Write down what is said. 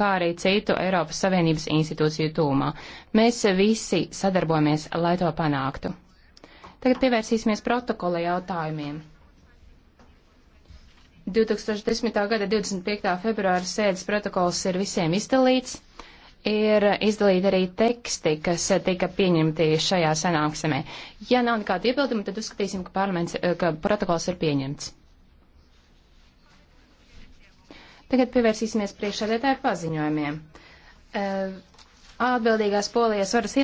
kā arī citu Eiropas Savienības institūciju tūmā. Mēs visi sadarbojamies, lai to panāktu. Tagad pievērsīsimies protokola jautājumiem. 2010. gada 25. februāra sēdes protokols ir visiem izdalīts. Ir izdalīti arī teksti, kas tika pieņemti šajā sanāksmē. Ja nav nekāda iebilduma, tad uzskatīsim, ka, ka protokols ir pieņemts. Tagad pievērsīsimies priekšsēdētāju paziņojumiem. Eh, atbildīgās polijas varas